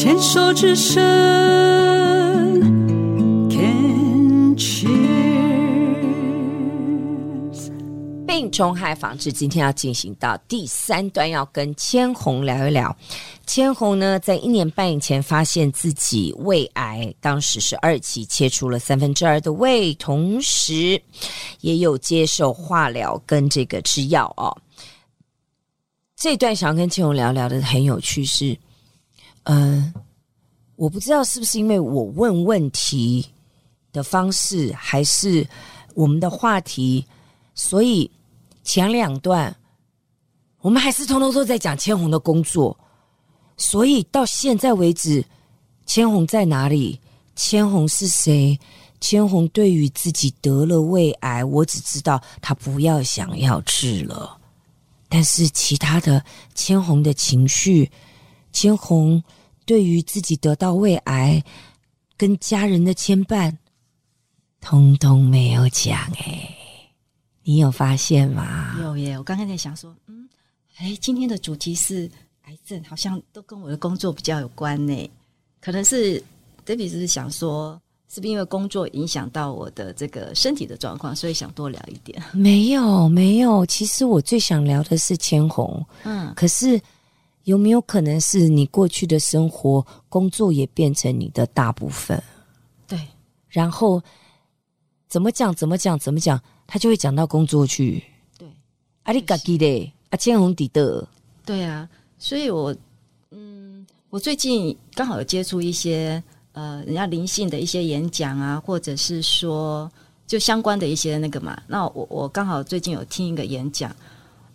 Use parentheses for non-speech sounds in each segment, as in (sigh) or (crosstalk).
牽手之聲，Can choose 病蟲害防治今天要進行到第三段，要跟芊葒聊一聊。芊葒呢，在一年半以前發現自己胃癌，當時是二期，切除了三分之二的胃，同時也有接受化療跟這個吃藥哦。這段想要跟芊葒聊聊的很有趣是。嗯，我不知道是不是因為我問問題的方式，還是我們的話題，所以前兩段我們還是通通都在講芊葒的工作。所以到現在為止，芊葒在哪裡？芊葒是誰？芊葒對於自己得了胃癌，我只知道她不要想要治了。但是其他的芊葒的情緒，芊葒。對於自己得到胃癌，跟家人的牽絆，通通沒有講哎、欸，你有發現嗎？有耶！我剛剛在想說，嗯，哎，今天的主題是癌症，好像都跟我的工作比較有關呢、欸。可能是黛比只是想說，是不是因為工作影響到我的這個身體的狀況，所以想多聊一點？沒有，沒有。其實我最想聊的是芊葒，嗯，可是。有沒有可能是你過去的生活、工作也變成你的大部分？對。然後怎麼講？怎麼講？怎麼講？他就會講到工作去。對。阿利嘎基的，阿是、啊、芊葒底的。對啊，所以我嗯，我最近剛好有接觸一些呃，人家靈性的一些演講啊，或者是說就相關的一些那個嘛。那我我剛好最近有聽一個演講。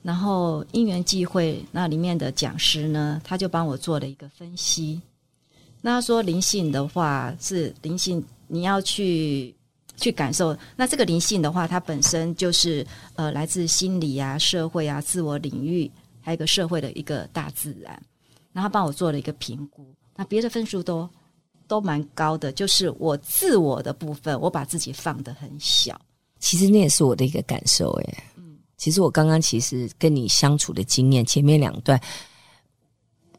然後因緣際會，那裡面的講師呢，他就幫我做了一個分析。那他說靈性的話是靈性，你要去去感受。那這個靈性的話，它本身就是呃來自心理啊、社會啊、自我領域，還有一個社會的一個大自然。然後幫我做了一個評估，那別的分數都都蠻高的，就是我自我的部分，我把自己放得很小。其實那也是我的一個感受，誒。其實我剛剛其實跟你相處的經驗，前面兩段，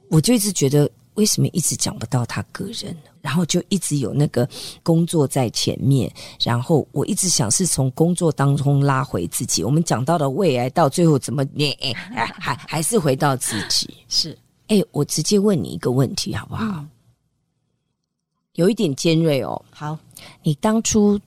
我就一直覺得為什麼一直講不到他個人，然後就一直有那個工作在前面，然後我一直想是從工作當中拉回自己。我們講到了胃癌，到最後怎麼？ (laughs) 哎，還還是回到自己。 (laughs) 是，哎，我直接問你一個問題好不好？嗯，有一點尖銳哦。好，你當初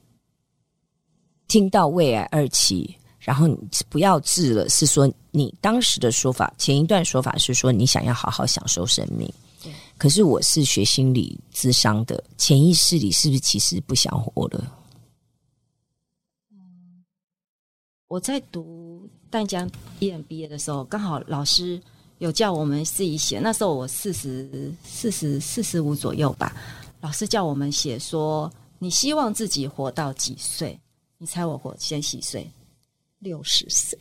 聽到胃癌二期。然後你不要治了，是說你當時的說法，前一段說法是說你想要好好享受生命。對可是我是學心理諮商的，潛意識裡是不是其實不想活了？嗯，我在讀淡江 EMBA 的時候，剛好老師有叫我們自己寫。那時候我四十四十四十五左右吧，老師叫我們寫說你希望自己活到幾歲？你猜我活先幾歲？六十歲，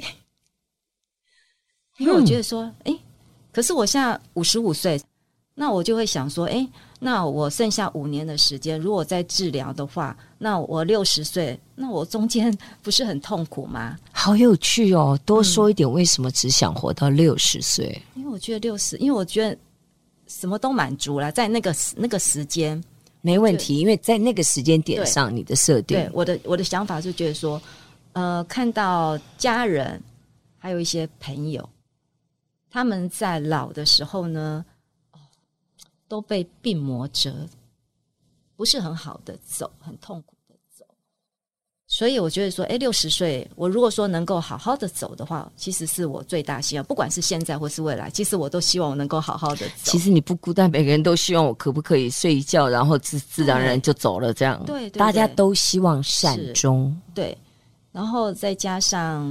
因為我覺得說，哎、嗯欸，可是我現在五十五歲，那我就會想說，哎、欸，那我剩下五年的時間，如果再治療的話，那我六十歲，那我中間不是很痛苦嗎？好有趣哦！多說一點，為什麼只想活到六十歲？因為我覺得六十，因為我覺得什麼都滿足了，在那個那個時間沒問題，對因為在那個時間點上，對你的設定對，我的我的想法是覺得說。呃，看到家人還有一些朋友，他們在老的時候呢，哦，都被病魔折，不是很好的走，很痛苦的走。所以我覺得說，哎、欸，六十歲，我如果說能夠好好的走的話，其實是我最大希望。不管是現在或是未來，其實我都希望我能夠好好的走。其實你不孤單，每個人都希望我可不可以睡一覺，然後自自然而然就走了這樣。對，對，對，大家都希望善終。對。然後再加上，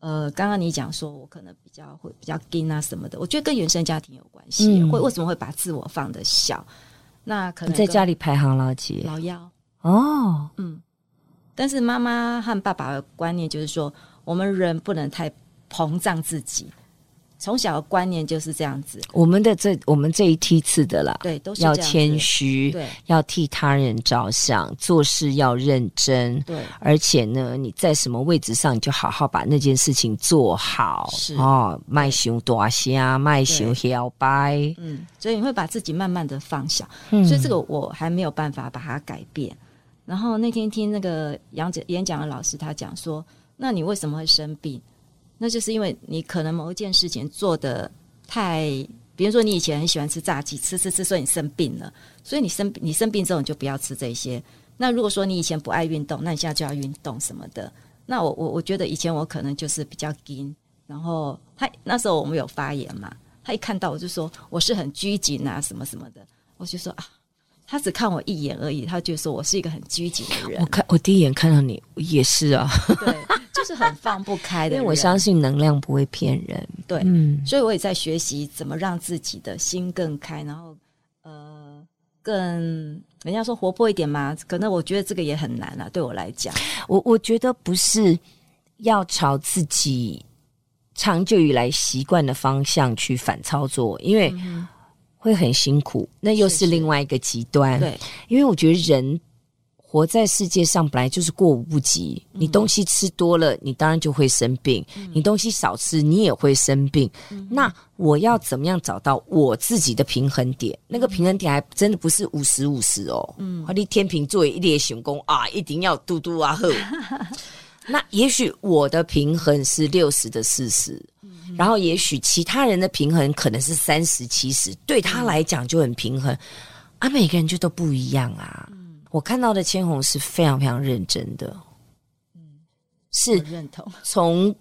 呃，剛剛你講說，我可能比較會比較跟啊什麼的，我覺得跟原生家庭有關係，嗯、會為什麼會把自我放得小？那可能在家裡排行老幾？老幺哦，嗯，但是媽媽和爸爸的觀念就是說，我們人不能太膨脹自己。從小的觀念就是這樣子，我們的這我們這一批次的啦，嗯、對，都是要謙虛，對，要替他人着想，做事要認真，對，而且呢，你在什麼位置上，你就好好把那件事情做好，是哦，賣熊多些啊，賣熊搖擺，嗯，所以你會把自己慢慢的放下，嗯、所以這個我還沒有辦法把它改變。嗯、然後那天聽那個楊子演講的老師，他講說，那你為什麼會生病？那就是因為你可能某一件事情做得太，比如說你以前很喜歡吃炸雞，吃吃吃，所以你生病了，所以你生你生病之後你就不要吃這些。那如果說你以前不愛運動，那你現在就要運動什麼的。那我我我覺得以前我可能就是比較緊，然後他那時候我們有發言嘛，他一看到我就說我是很拘謹啊什麼什麼的，我就說啊，他只看我一眼而已，他就說我是一個很拘謹的人。我看我第一眼看到你也是啊。 (laughs) 對是很放不開的， (laughs) 因為我相信能量不會騙人。 (laughs) 人對，嗯，所以我也在學習怎麼讓自己的心更開，然後呃，更人家說活潑一點嘛。可能我覺得這個也很難啊，對我來講，我我覺得不是要朝自己長久以來習慣的方向去反操作，因為會很辛苦。嗯，那又是另外一個極端，是是。對，因為我覺得人。活在世界上本來就是過猶不及，你東西吃多了，你當然就會生病；嗯、你東西少吃，你也會生病。嗯、那我要怎麼樣找到我自己的平衡點？嗯、那個平衡點還真的不是五十五十哦。嗯，我、啊、你天平座位一列雄工啊，一定要嘟嘟啊呵。 (laughs) 那也許我的平衡是六十的四十、嗯，然後也許其他人的平衡可能是三十七十，對他來講就很平衡。嗯、啊，每個人就都不一樣啊。我看到的芊葒是非常非常認真的，嗯，是認同。從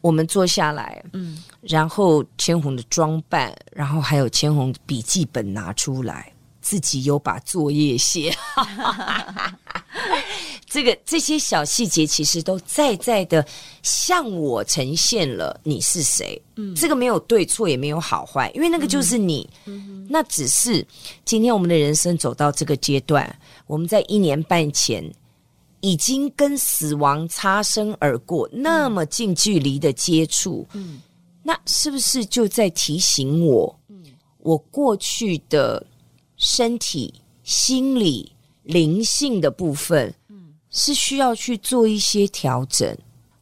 我們坐下來，嗯認， (laughs) 然後芊葒的裝扮，然後還有芊葒的筆記本拿出來，自己有把作業寫。 (laughs) (laughs) 這個這些小細節，其實都在在的向我呈現了你是誰。嗯，這個沒有對錯，也沒有好壞，因為那個就是你。嗯哼，那只是今天我們的人生走到這個階段，我們在一年半前已經跟死亡擦身而過，嗯、那麼近距離的接觸，嗯，那是不是就在提醒我，嗯、我過去的身體、心理、靈性的部分？是需要去做一些調整。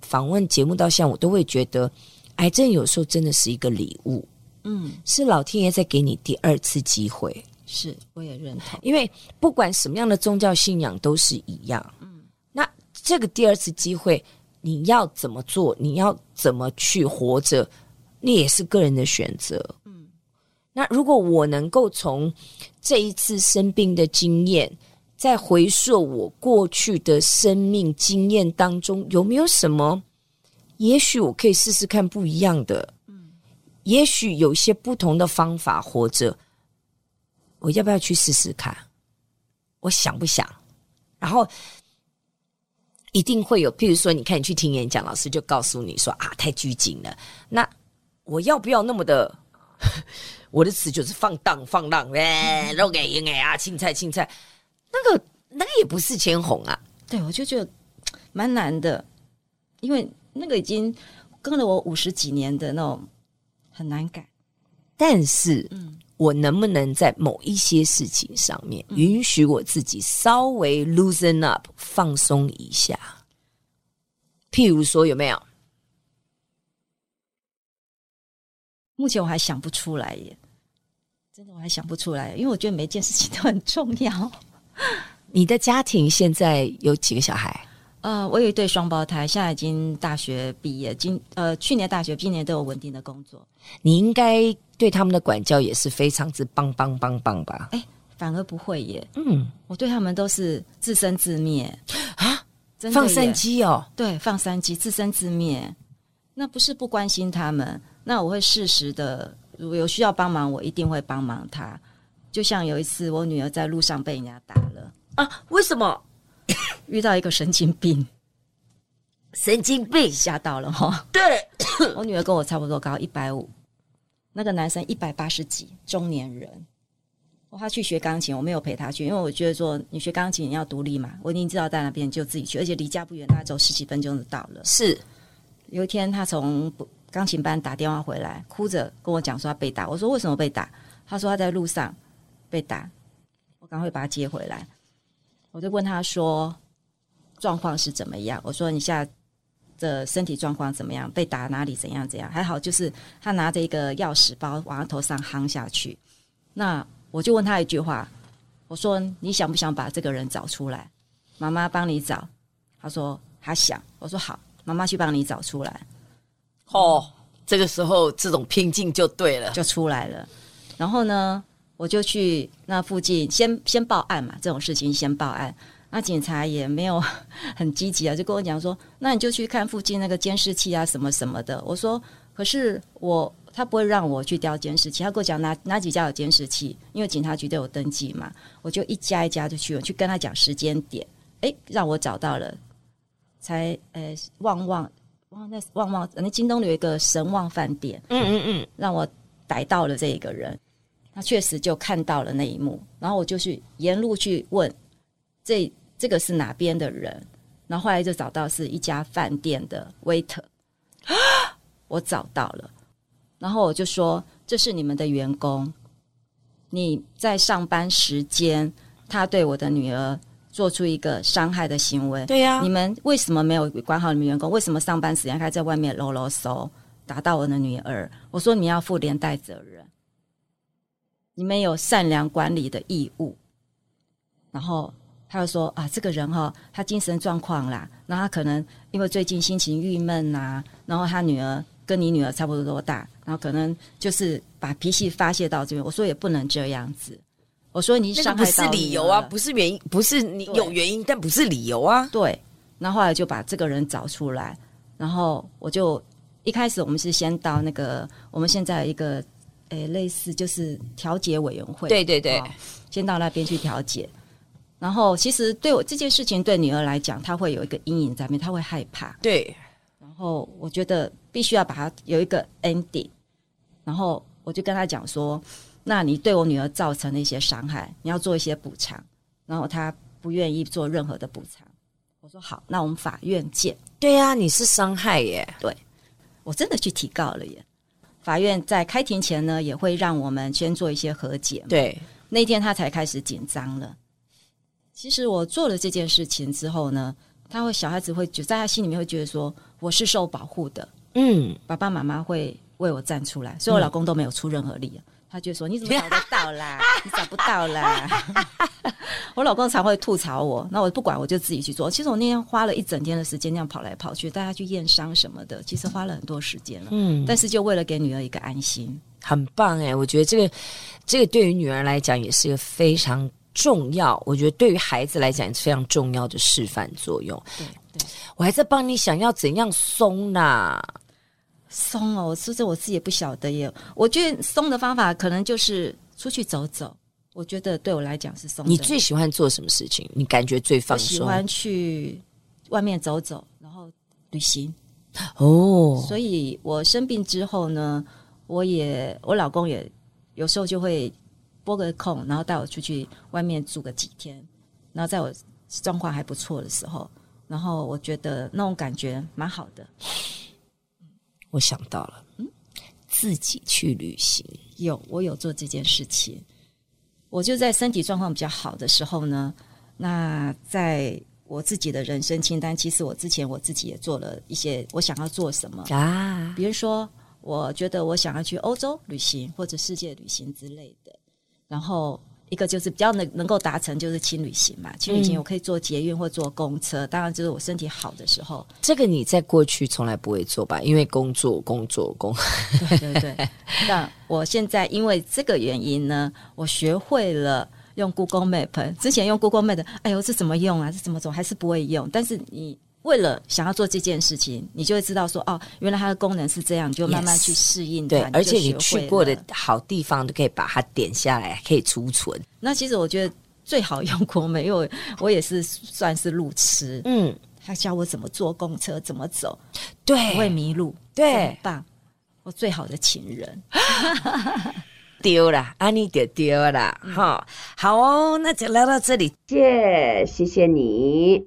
訪問節目到現在，我都會覺得癌症有時候真的是一個禮物。嗯，是老天爺在給你第二次機會。是，我也認同。因為不管什麼樣的宗教信仰都是一樣。嗯，那這個第二次機會，你要怎麼做？你要怎麼去活着？那也是個人的選擇。嗯，那如果我能夠從這一次生病的經驗。在回溯我過去的生命經驗當中，有沒有什麼？也許我可以試試看不一樣的。嗯，也許有些不同的方法活着，我要不要去試試看？我想不想？然後一定會有。譬如說，你看，你去聽演講，老師就告訴你說啊，太拘謹了。那我要不要那麼的？ (laughs) 我的詞就是放蕩放蕩、 (laughs) 欸，肉給硬硬啊，青菜青菜。那個那個也不是芊葒啊，對，我就覺得蠻難的，因為那個已經跟了我五十幾年的那種很難改。但是，嗯、我能不能在某一些事情上面允許我自己稍微 loosen up、嗯、放鬆一下？譬如說有沒有？目前我還想不出來耶，真的我還想不出來，因為我覺得每件事情都很重要。你的家庭現在有幾個小孩？呃，我有一對雙胞胎，現在已經大學畢業，今呃去年大學今年都有穩定的工作。你應該對他們的管教也是非常之棒棒棒棒，棒吧？哎，反而不會耶。嗯，我對他們都是自生自滅啊，真的放生機哦，對，放生機自生自滅。那不是不關心他們，那我會適時的，如果有需要幫忙，我一定會幫忙他。就像有一次，我女兒在路上被人家打了啊。為什麼？遇到一個神經病，神經病嚇到了哈！對，我女兒跟我差不多高，一百五，那個男生一百八十幾，中年人。我、哦、他去學鋼琴，我沒有陪他去，因為我覺得說你學鋼琴你要獨立嘛。我已經知道在那邊就自己去，而且離家不遠，大概走十幾分鐘就到了。是，有一天他從鋼琴班打電話回來，哭着跟我講說他被打。我說為什麼被打？他說他在路上。被打，我趕快把他接回來，我就問他說，狀況是怎麼樣？我說你現在的身體狀況怎麼樣？被打哪裡怎樣怎樣？還好，就是他拿着一個鑰匙包往他頭上夯下去。那我就問他一句話，我說你想不想把這個人找出來？媽媽幫你找。他說他想。我說好，媽媽去幫你找出來。哦，這個時候這種拼勁就對了，就出來了。然後呢？我就去那附近先，先先報案嘛，這種事情先報案。那警察也沒有很積極啊，就跟我講說，那你就去看附近那個監視器啊，什麼什麼的。我說，可是我他不會讓我去調監視器，他跟我講哪哪幾家有監視器，因為警察局都有登記嘛，我就一家一家就去，我去跟他講時間點，哎，讓我找到了，才呃旺旺旺那旺旺那京東有一個神旺飯店，嗯嗯嗯，讓我逮到了這一個人。他確實就看到了那一幕，然後我就去沿路去問，這這個是哪邊的人？然後後來就找到是一家飯店的 waiter，啊，我找到了，然後我就說這是你們的員工，你在上班時間，他對我的女兒做出一個傷害的行為，對呀，啊，你們為什麼沒有管好你們員工？為什麼上班時間還在外面囉囉嗦打到我的女兒？我說你要負連帶責任。你們有善良管理的義務，然後他就說啊，這個人哈、哦，他精神狀況啦，那他可能因為最近心情鬱悶吶、啊，然後他女兒跟你女兒差不多多大，然後可能就是把脾氣發洩到這邊。我說也不能這樣子，我說你傷害到你，那個不是理由啊，不是原因，不是你有原因，對但不是理由啊。對，然後後來就把這個人找出來，然後我就一開始我們是先到那個我們現在一個。誒、欸，類似就是調解委員會，對對對，先到那邊去調解。然後其實對我這件事情，對女兒來講，她會有一個陰影在面，她會害怕。對，然後我覺得必須要把她有一個 ending。然後我就跟她講說：“那你對我女兒造成了一些傷害，你要做一些補償。”然後她不願意做任何的補償。我說：“好，那我們法院見。”對呀、啊，你是傷害耶。對，我真的去提告了耶。法院在開庭前呢，也會讓我們先做一些和解。對，那天他才開始緊張了。其實我做了這件事情之後呢，他會小孩子會就在他心裡面會覺得說，我是受保護的。嗯，爸爸媽媽會為我站出來，所以我老公都沒有出任何力。嗯。他就說：“你怎麼找得到啦？你找不到啦！” (laughs) 我老公常會吐槽我，那我不管，我就自己去做。其實我那天花了一整天的時間，這樣跑來跑去，帶他去驗傷什麼的，其實花了很多時間了。嗯，但是就為了給女兒一個安心，很棒哎、欸！我覺得這個這個對於女兒來講也是一個非常重要，我覺得對於孩子來講也是非常重要的示範作用。對，對。我還在幫你想要怎樣鬆呢？鬆哦，其實我自己也不曉得耶。我覺得鬆的方法可能就是出去走走。我覺得對我來講是鬆。你最喜歡做什麼事情？你感覺最放鬆？我喜歡去外面走走，然後旅行。哦，oh. 所以我生病之後呢，我也我老公也有時候就會撥個空，然後帶我出去外面住個幾天。然後在我狀況還不錯的時候，然後我覺得那種感覺蠻好的。我想到了，嗯，自己去旅行有，我有做這件事情。我就在身體狀況比較好的時候呢，那在我自己的人生清單，其實我之前我自己也做了一些我想要做什麼，啊，比如說，我覺得我想要去歐洲旅行或者世界旅行之類的，然後。一個就是比較能能夠達成，就是輕旅行嘛，輕旅行我可以坐捷運或坐公車。嗯，當然，就是我身體好的時候，這個你在過去從來不會做吧？因為工作、工作、工。對對對， (laughs) 那我現在因為這個原因呢，我學會了用 Google Map。之前用 Google Map，哎呦，這怎麼用啊？這怎麼走？還是不會用。但是你。為了想要做這件事情，你就會知道說哦，原來它的功能是這樣，你就慢慢去適應。Yes, 對，而且你去過的好地方都可以把它點下來，可以儲存。那其實我覺得最好用 Google，因為我也是算是路痴。嗯，他教我怎麼坐公車，怎麼走，對，不會迷路。對，很棒，我最好的情人丟了，安妮丟丟了。好、啊嗯，好哦，那就來到這裡，謝，謝，謝謝你。